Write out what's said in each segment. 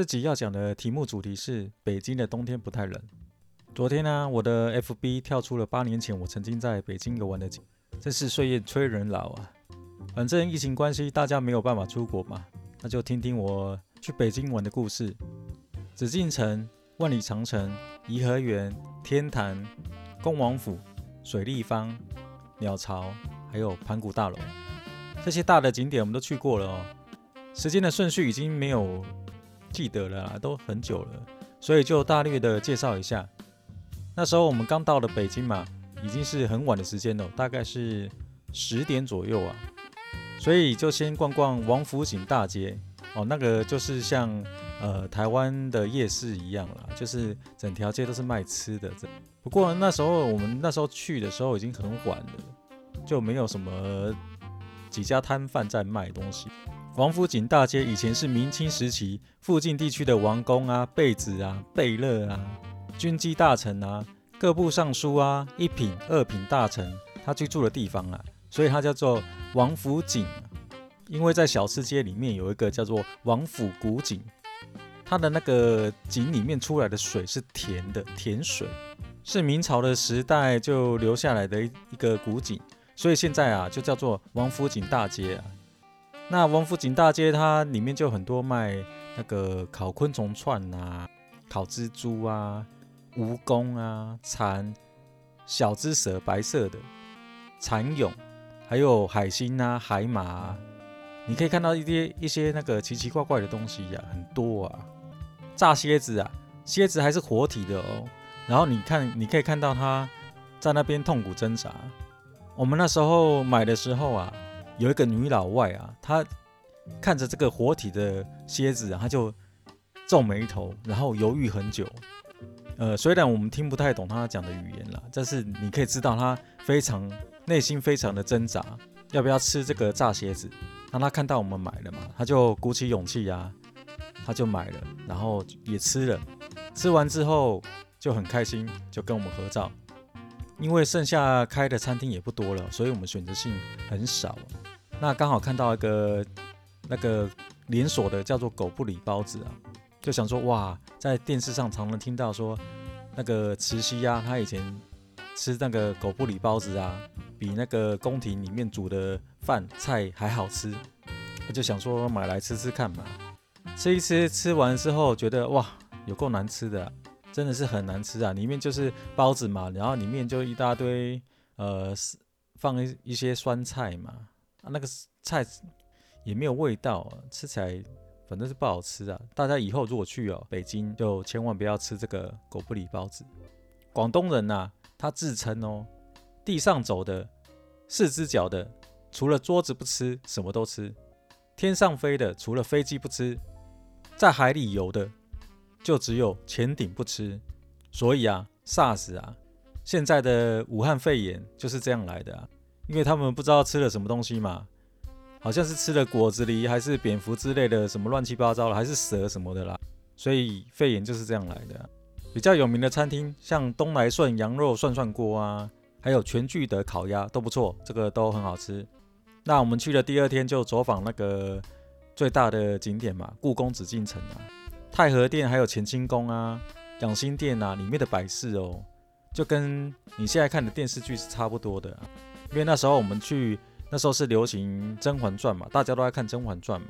這集要講的題目主題是北京的冬天不太冷。昨天呢、啊，我的 FB 跳出了八年前我曾經在北京遊玩的景，真是歲月催人老啊！反正疫情關係，大家沒有辦法出國嘛，那就聽聽我去北京玩的故事。紫禁城、萬里長城、頤和園、天壇、恭王府、水立方、鳥巢，還有盤古大樓，這些大的景點我們都去過了哦。時間的順序已經沒有記得了啦，都很久了，所以就大略的介紹一下。那時候我們剛到了北京嘛，已經是很晚的時間了，大概是十點左右啊，所以就先逛逛王府井大街哦，那個就是像呃台灣的夜市一樣啦，就是整條街都是賣吃的。不過那時候我們那時候去的時候已經很晚了，就沒有什麼幾家攤販在賣東西。王府井大街以前是明清時期附近地區的王公啊、貝子啊、貝勒啊、軍機大臣啊、各部尚書啊、一品二品大臣他居住的地方啊，所以它叫做王府井。因為在小吃街裡面有一個叫做王府古井，它的那個井裡面出來的水是甜的，甜水是明朝的時代就留下來的一一個古井，所以現在啊就叫做王府井大街啊。那王府井大街，它裡面就很多賣那個烤昆蟲串啊，烤蜘蛛啊、蜈蚣啊、蠶、小隻蛇白色的、蠶蛹，還有海星啊、海馬啊，你可以看到一些一些那個奇奇怪怪的東西呀啊，很多啊，炸蠍子啊，蠍子還是活體的哦。然後你看，你可以看到它在那邊痛苦掙扎。我們那時候買的時候啊。有一個女老外啊，她看着這個活體的蠍子，啊，她就皺眉頭，然後猶豫很久。呃，雖然我們聽不太懂她講的語言啦，但是你可以知道她非常內心非常的掙扎，要不要吃這個炸蠍子？當她看到我們買了嘛，她就鼓起勇氣呀、啊，她就買了，然後也吃了。吃完之後就很開心，就跟我們合照。因為剩下開的餐廳也不多了，所以我們選擇性很少。那剛好看到一個那個連鎖的叫做“狗不理包子”啊，就想說哇，在電視上常常聽到說，那個慈禧呀，她以前吃那個狗不理包子啊，比那個宮廷裡面煮的飯菜還好吃。我就想說買來吃吃看嘛，吃一吃，吃完之後覺得哇，有夠難吃的，真的是很難吃啊！裡面就是包子嘛，然後裡面就一大堆呃，放一一些酸菜嘛。啊、那個菜也沒有味道、啊，吃起來反正是不好吃啊！大家以後如果去哦北京，就千萬不要吃這個狗不理包子。廣東人吶、啊，他自稱哦，地上走的四只腳的，除了桌子不吃，什麼都吃；天上飛的除了飛機不吃，在海裡游的就只有潛艇不吃。所以啊，SARS 啊，現在的武漢肺炎就是這樣來的啊。因為他們不知道吃了什麼東西嘛，好像是吃了果子狸還是蝙蝠之類的，什麼亂七八糟的，還是蛇什麼的啦，所以肺炎就是這樣來的、啊。比較有名的餐廳像東來順羊肉涮涮鍋啊，還有全聚德烤鴨都不錯，這個都很好吃。那我們去的第二天就走訪那個最大的景點嘛，故宮紫禁城啊，太和殿還有乾清宮啊、養心殿啊，裡面的擺設哦，就跟你現在看的電視劇是差不多的、啊。因為那時候我們去，那時候是流行《甄嬛傳》嘛，大家都在看《甄嬛傳》嘛，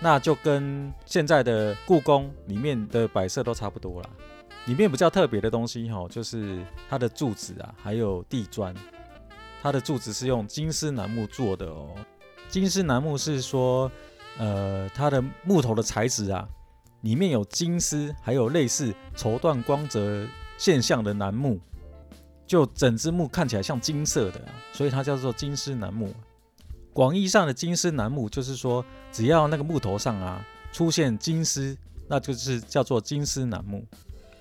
那就跟現在的故宮裡面的擺設都差不多啦。裡面比較特別的東西哈、哦，就是它的柱子啊，還有地磚，它的柱子是用金絲楠木做的哦。金絲楠木是說，呃，它的木頭的材質啊，裡面有金絲，還有類似綢緞光澤現象的楠木。就整支木看起來像金色的啊，所以它叫做金絲楠木。廣義上的金絲楠木就是說，只要那個木頭上啊出現金絲，那就是叫做金絲楠木。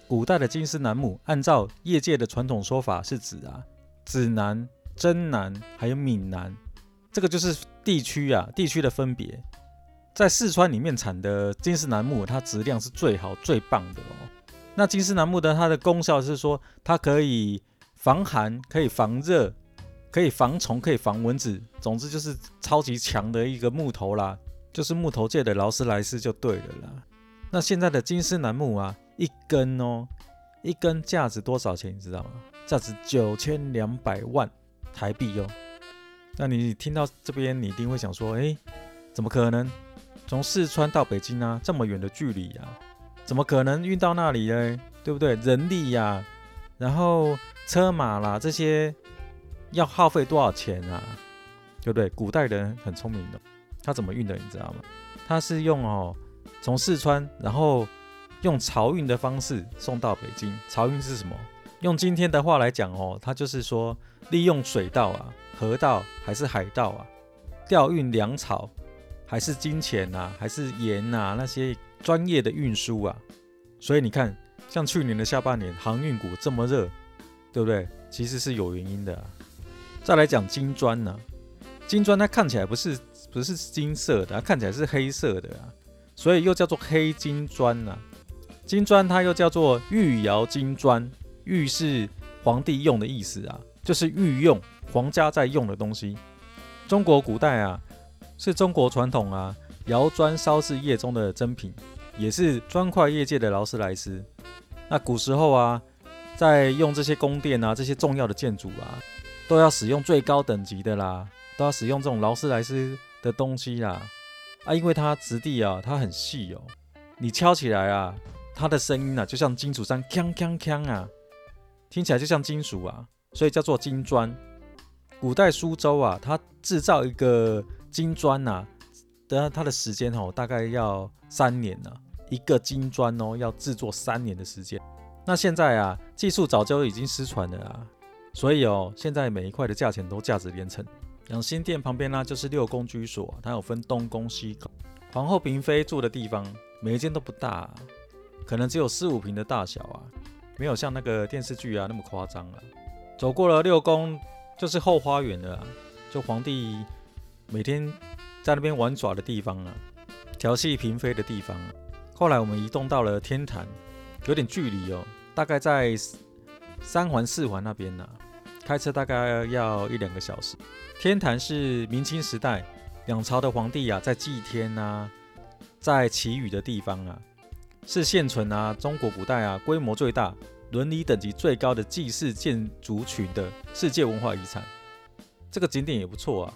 古代的金絲楠木，按照業界的傳統說法是指啊，指南、真南還有閩南，這個就是地區啊地區的分別。在四川裡面產的金絲楠木，它質量是最好最棒的哦。那金絲楠木的它的功效是說，它可以。防寒，可以防熱，可以防蟲，可以防蚊子，總之就是超級強的一個木頭啦，就是木頭界的勞斯萊斯就對了啦。那現在的金絲楠木啊，一根哦，一根價值多少錢？你知道嗎？價值九千兩百萬台幣喲、哦。那你聽到這邊，你一定會想說，哎、欸，怎麼可能？從四川到北京啊，這麼遠的距離呀、啊，怎麼可能運到那裡嘞？對不對？人力呀、啊？然後車馬啦，這些要耗費多少錢啊？對不對？古代人很聰明的，他怎麼運的？你知道嗎？他是用哦，從四川，然後用漕運的方式送到北京。漕運是什麼？用今天的話來講哦，他就是說利用水道啊、河道還是海道啊，調運糧草還是金錢啊，還是鹽啊，那些專業的運輸啊。所以你看。像去年的下半年，航運股這麼熱，對不對？其實是有原因的啊。再來講金磚呢啊，金磚它看起來不是不是金色的啊，它看起來是黑色的啊，所以又叫做黑金磚啊。金磚它又叫做御窯金磚，御是皇帝用的意思啊，就是御用，皇家在用的東西。中國古代啊，是中國傳統啊，窯磚燒製業中的珍品。也是磚塊業界的勞斯萊斯。那古時候啊，在用這些宮殿啊，這些重要的建築啊，都要使用最高等級的啦，都要使用這種勞斯萊斯的東西啦。啊，因為它質地啊，它很細哦、喔，你敲起來啊，它的聲音啊，就像金屬聲鏘鏘鏘啊，聽起來就像金屬啊，所以叫做金磚。古代蘇州啊，它制造一個金磚啊，的它的時間哦，大概要三年呢。一個金磚哦，要制作三年的時間。那現在啊，技術早就已經失傳了啊。所以哦，現在每一塊的價錢都價值連城。養心殿旁邊呢啊，就是六宮居所啊，它有分東宮西宮，皇后嬪妃住的地方，每一間都不大啊，可能只有四五平的大小啊，沒有像那個電視劇啊那麼誇張啊。走過了六宮，就是後花園了啊，就皇帝每天在那邊玩耍的地方啊，調戲嬪妃的地方啊。後來我們移動到了天壇，有點距離哦，大概在三環四環那邊呢、啊，開車大概要一兩個小時。天壇是明清時代兩朝的皇帝呀、啊，在祭天吶、啊，在祈雨的地方啊，是現存啊中國古代啊規模最大、倫理等級最高的祭祀建築群的世界文化遺產。這個景點也不錯啊，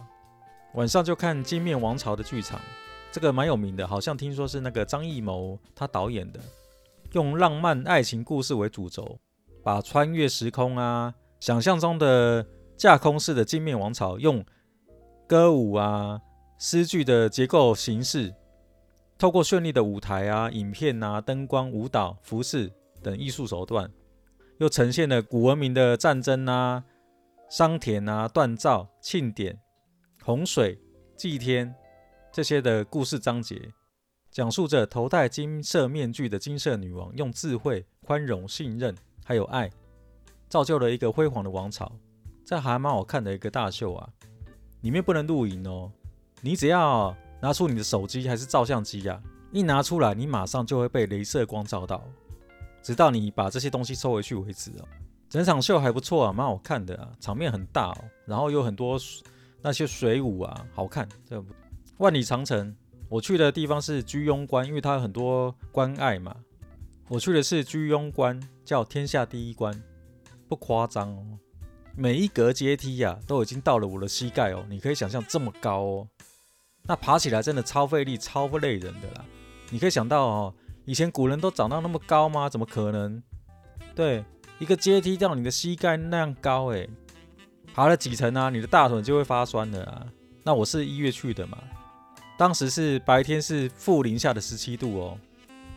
晚上就看《金面王朝》的劇場。這個蠻有名的，好像聽說是那個張藝謀他導演的，用浪漫愛情故事為主軸，把穿越時空啊、想象中的架空式的金面王朝，用歌舞啊、詩句的結構形式，透過絢麗的舞台啊、影片啊、燈光、舞蹈、服飾等藝術手段，又呈現了古文明的戰爭啊、桑田啊、鍛造、慶典、洪水、祭天。這些的故事章節，講述着頭戴金色面具的金色女王，用智慧、寬容、信任還有愛，造就了一個輝煌的王朝。這還蠻好看的一個大秀啊！裡面不能錄影哦，你只要拿出你的手機還是照相機啊，一拿出來，你馬上就會被鐳射光照到，直到你把這些東西收回去為止哦。整場秀還不錯啊，蠻好看的啊，場面很大哦，然後有很多那些水舞啊，好看這。萬里長城，我去的地方是居庸關，因為它有很多關隘嘛。我去的是居庸關，叫天下第一關，不誇張哦。每一格階梯呀、啊，都已經到了我的膝蓋哦。你可以想象這麼高哦，那爬起來真的超費力、超不累人的啦。你可以想到哦，以前古人都長到那麼高嗎？怎麼可能？對，一個階梯到你的膝蓋那樣高哎、欸，爬了幾層啊，你的大腿就會發酸的啊。那我是一月去的嘛。當時是白天是負零下的十七度哦，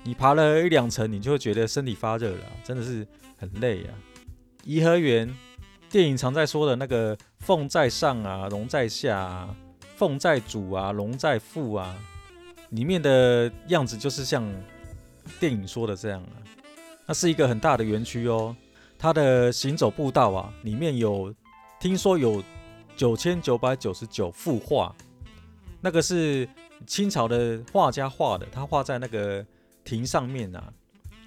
你爬了一兩層，你就會覺得身體發熱了，真的是很累啊。頤和園，電影常在說的那個鳳在上啊，龍在下啊，鳳在主啊，龍在副啊，裡面的樣子就是像電影說的這樣啊。那是一個很大的園區哦，它的行走步道啊，裡面有聽說有九千九百九十九幅畫。那個是清朝的畫家畫的，他畫在那個亭上面啊。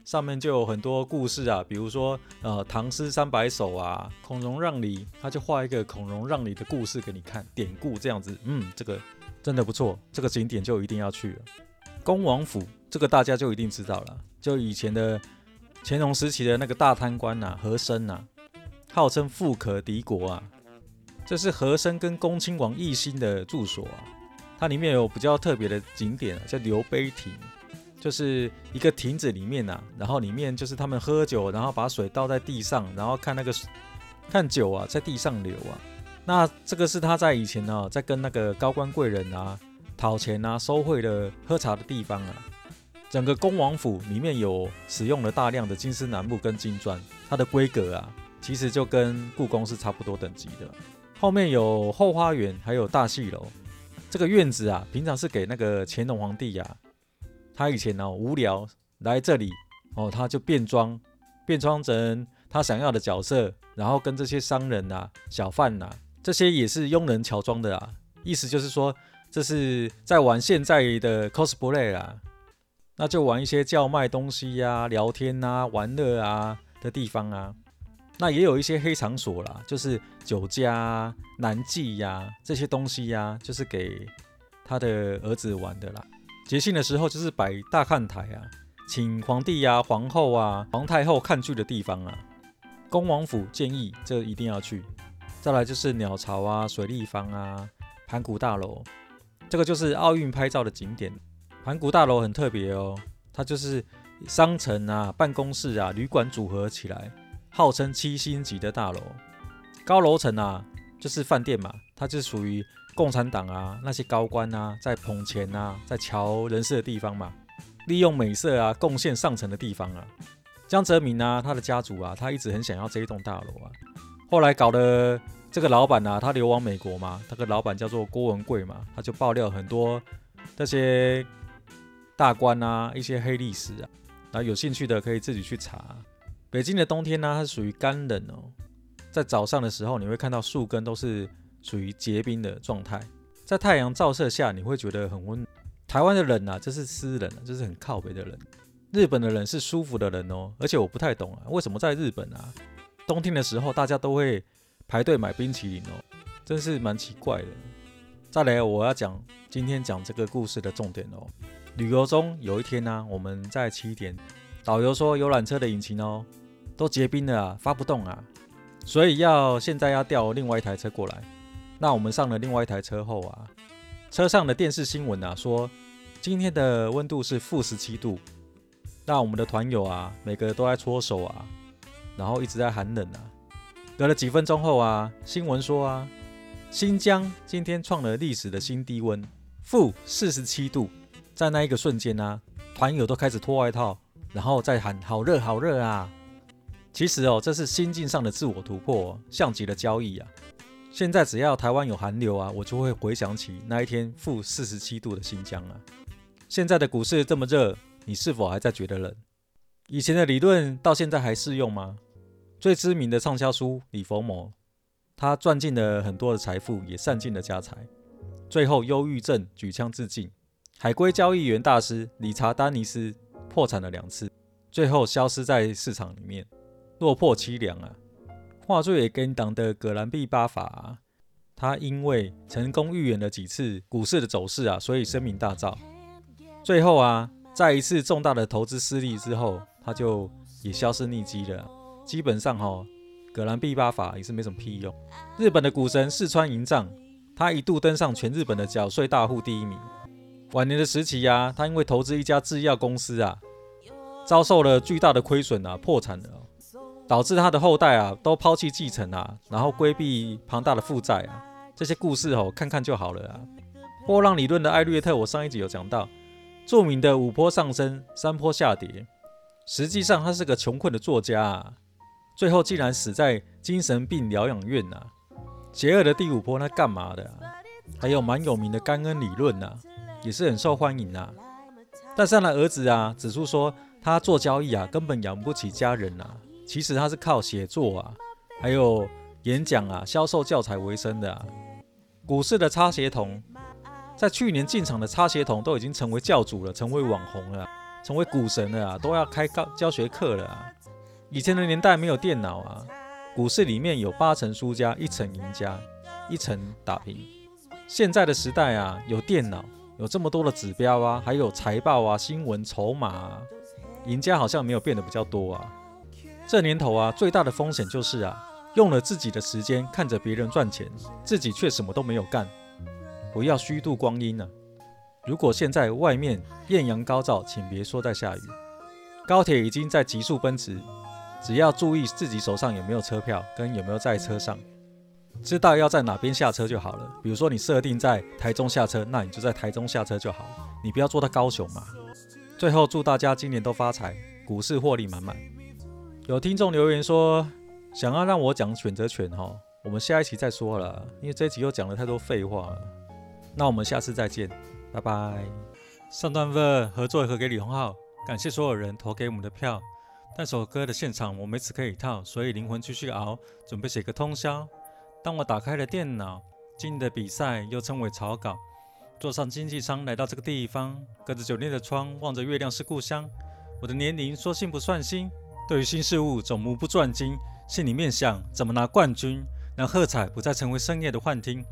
上面就有很多故事啊，比如說呃《唐詩三百首》啊，《孔融讓梨》，他就畫一個孔融讓梨的故事給你看，典故這樣子。嗯，這個真的不錯，這個景點就一定要去了。恭王府這個大家就一定知道了，就以前的乾隆時期的那個大貪官啊，和珅啊，號稱富可敵國啊，這是和珅跟恭親王奕訢的住所啊。它裡面有比較特別的景點啊，叫流杯亭，就是一個亭子裡面啊，然後裡面就是他們喝酒，然後把水倒在地上，然後看那個看酒啊，在地上流啊。那這個是他在以前呢啊，在跟那個高官貴人啊討錢啊、收賄的喝茶的地方啊。整個恭王府裡面有使用了大量的金絲楠木跟金磚，它的規格啊，其實就跟故宮是差不多等級的。後面有後花園，還有大戲樓。這個院子啊，平常是給那個乾隆皇帝呀、啊。他以前哦無聊來這裡哦，他就變裝，變裝成他想要的角色，然後跟這些商人吶、啊、小販吶、啊，這些也是傭人喬裝的啊。意思就是說，這是在玩現在的 cosplay 啊。那就玩一些叫賣東西呀、啊、聊天啊、玩樂啊的地方啊。那也有一些黑場所啦，就是酒家、啊、南妓呀、啊、這些東西呀、啊，就是給他的兒子玩的啦。接信的時候就是擺大看台啊，請皇帝呀、啊、皇後啊、皇太后看去的地方啊。恭王府建議這一定要去。再來就是鳥巢啊、水立方啊、盤古大樓，這個就是奧運拍照的景點。盤古大樓很特別哦，它就是商城啊、辦公室啊、旅館組合起來。號稱七星級的大樓，高樓層啊，就是飯店嘛，它就是屬於共產黨啊，那些高官啊，在捧錢啊，在喬人事的地方嘛，利用美色啊，貢獻上層的地方啊。江澤民啊，他的家族啊，他一直很想要這一棟大樓啊。後來搞的這個老板啊，他流亡美國嘛，他、這個老板叫做郭文貴嘛，他就爆料很多這些大官啊，一些黑歷史啊，然後有興趣的可以自己去查。北京的冬天呢、啊，它是屬於乾冷哦。在早上的時候，你會看到樹根都是屬於結冰的狀態。在太陽照射下，你會覺得很溫。台灣的冷啊，這是濕冷、啊，這是很靠北的冷。日本的冷是舒服的冷哦，而且我不太懂啊，為什麼在日本啊，冬天的時候大家都會排隊買冰淇淋哦，真是蠻奇怪的。再來，我要講今天講這個故事的重點哦。旅遊中有一天呢、啊，我們在七點，導遊說遊覽車的引擎哦。都結冰了、啊、發不動啊，所以要現在要調另外一台車過來。那我們上了另外一台車後啊，車上的電視新聞啊說今天的溫度是負十七度。那我們的團友啊，每個都在搓手啊，然後一直在喊冷啊。隔了幾分鐘後啊，新聞說啊，新疆今天創了歷史的新低溫，負四十七度。在那一個瞬間呢、啊，團友都開始脫外套，然後再喊好熱好熱啊。其實哦，這是心境上的自我突破，哦，像極了交易啊。現在只要台灣有寒流啊，我就會回想起那一天負四十七度的新疆啊。現在的股市這麼熱，你是否還在覺得冷？以前的理論到現在還適用嗎？最知名的暢銷書李佛摩，他賺盡了很多的財富，也散盡了家財，最後憂鬱症舉槍自盡。海龜交易員大師理查丹尼斯破產了兩次，最後消失在市場裡面。落魄淒涼啊！話說也跟黨的葛蘭碧八法、啊，他因為成功預言了幾次股市的走勢啊，所以聲名大噪。最後啊，在一次重大的投資失利之後，他就也消失匿跡了。基本上哈、哦，葛蘭碧八法也是沒什麼屁用。日本的股神是川銀藏，他一度登上全日本的繳稅大戶第一名。晚年的時期啊，他因為投資一家製藥公司啊，遭受了巨大的虧損啊，破產了。導致他的後代啊都拋棄繼承啊，然後規避龐大的負債啊。這些故事哦看看就好了啊。波浪理論的艾略特，我上一集有講到，著名的五波上升，三波下跌。實際上他是個窮困的作家啊，最後竟然死在精神病療養院吶、啊。邪惡的第五波那幹嘛的、啊。還有蠻有名的甘恩理論吶、啊，也是很受歡迎吶、啊。但是他的兒子啊，指出說他做交易啊，根本養不起家人吶、啊。其實他是靠寫作啊，還有演講啊、銷售教材為生的啊。股市的擦鞋童，在去年進場的擦鞋童都已經成為教主了，成為網紅了、啊，成為股神了、啊，都要開教教學課了。啊。以前的年代沒有電腦啊，股市裡面有八成輸家，一成贏家，一成打平。現在的時代啊，有電腦，有這麼多的指標啊，還有財報啊、新聞、籌碼，啊，贏家好像沒有變得比較多啊。這年頭啊，最大的風險就是啊，用了自己的時間看着別人賺錢，自己卻什麼都沒有幹。不要虛度光陰了啊。如果現在外面豔陽高照，請別說在下雨。高鐵已經在急速奔馳，只要注意自己手上有沒有車票，跟有沒有在車上，知道要在哪邊下車就好了。比如說你設定在台中下車，那你就在台中下車就好，你不要坐到高雄嘛。最後祝大家今年都發財，股市獲利滿滿。有聽眾留言說，想要讓我講選擇權哈，我們下一期再說了，因為這一期又講了太多廢話了。那我們下次再見，拜拜。上段位合作也合給李榮浩，感謝所有人投給我們的票。這首歌的現場我沒詞，可以套，所以靈魂繼續熬，準備寫個通宵。當我打開了電腦，進的比賽又稱為草稿。坐上經濟艙來到這個地方，隔着酒店的窗望着月亮是故鄉。我的年齡說新不算新。對於新事物總目不轉睛，心裡面想怎麼拿冠軍，讓喝彩不再成為深夜的幻聽。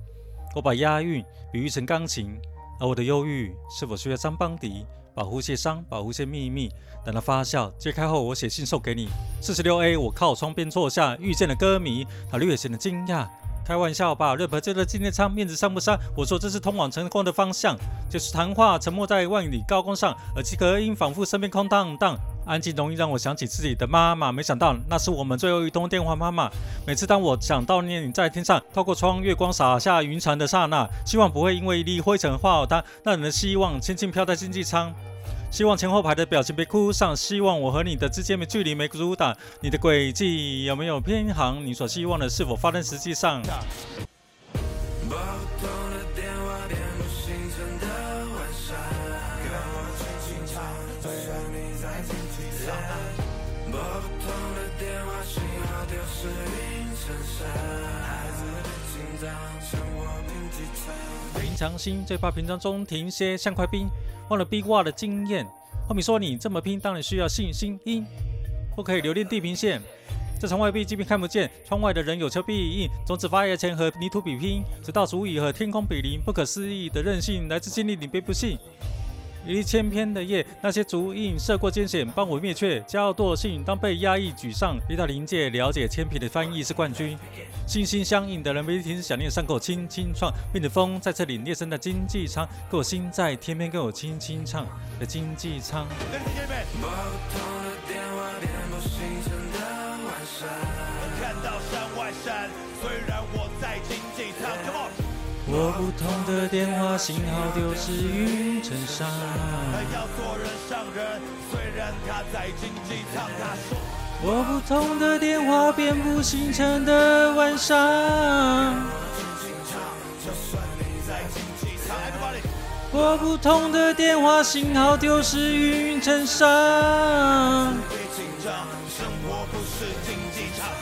我把押韻比喻成鋼琴，而我的憂鬱是否需要張邦迪保護些傷，保護些秘密，等它發酵揭開後，我寫信送給你。四十六 A，我靠窗邊坐下，遇見了歌迷，他略顯得驚訝，開玩笑吧，rapper 進了經濟艙，面子傷不傷？我說這是通往成功的方向。就是談話，沉默在萬里高空上，耳機隔音仿佛身邊空蕩蕩。安靜容易讓我想起自己的媽媽，沒想到那是我們最後一通電話。媽媽，每次當我想悼念你在天上，透過窗月光灑下，雲層的剎那，希望不會因為一粒灰塵化好它。讓人的希望輕輕飄在經濟艙，希望前後排的表情別哭喪。希望我和你的之間的距離沒阻擋。你的軌跡有沒有偏航？你所希望的是否發生？實際上。平常心最怕平常中停歇，像塊冰，忘了冰掛的經驗。後面說你這麼拼，當然需要信心。鷹不可以留戀地平線，這場外壁即便看不見，窗外的人有車必一樣。種子發芽前和泥土比拼，直到足以和天空比鄰。不可思議的韌性來自經歷，你別不信。於千篇的夜，那些足印涉過艱險，幫我滅卻驕傲惰性。當被壓抑沮喪，遇到臨界，了解千篇的翻譯是冠軍。心心相印的人，每天想念傷口，輕輕唱，面對風，在這裡獵聲的經濟艙，跟我心在天邊，跟我輕輕唱的經濟艙。撥不通的電話，信號丟失雲層上。撥不通的電話，遍布星辰的晚上。撥不通的電話，信號丟失雲層上。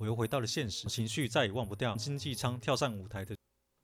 我又回到了現實，情緒再也忘不掉。經濟艙跳上舞台的。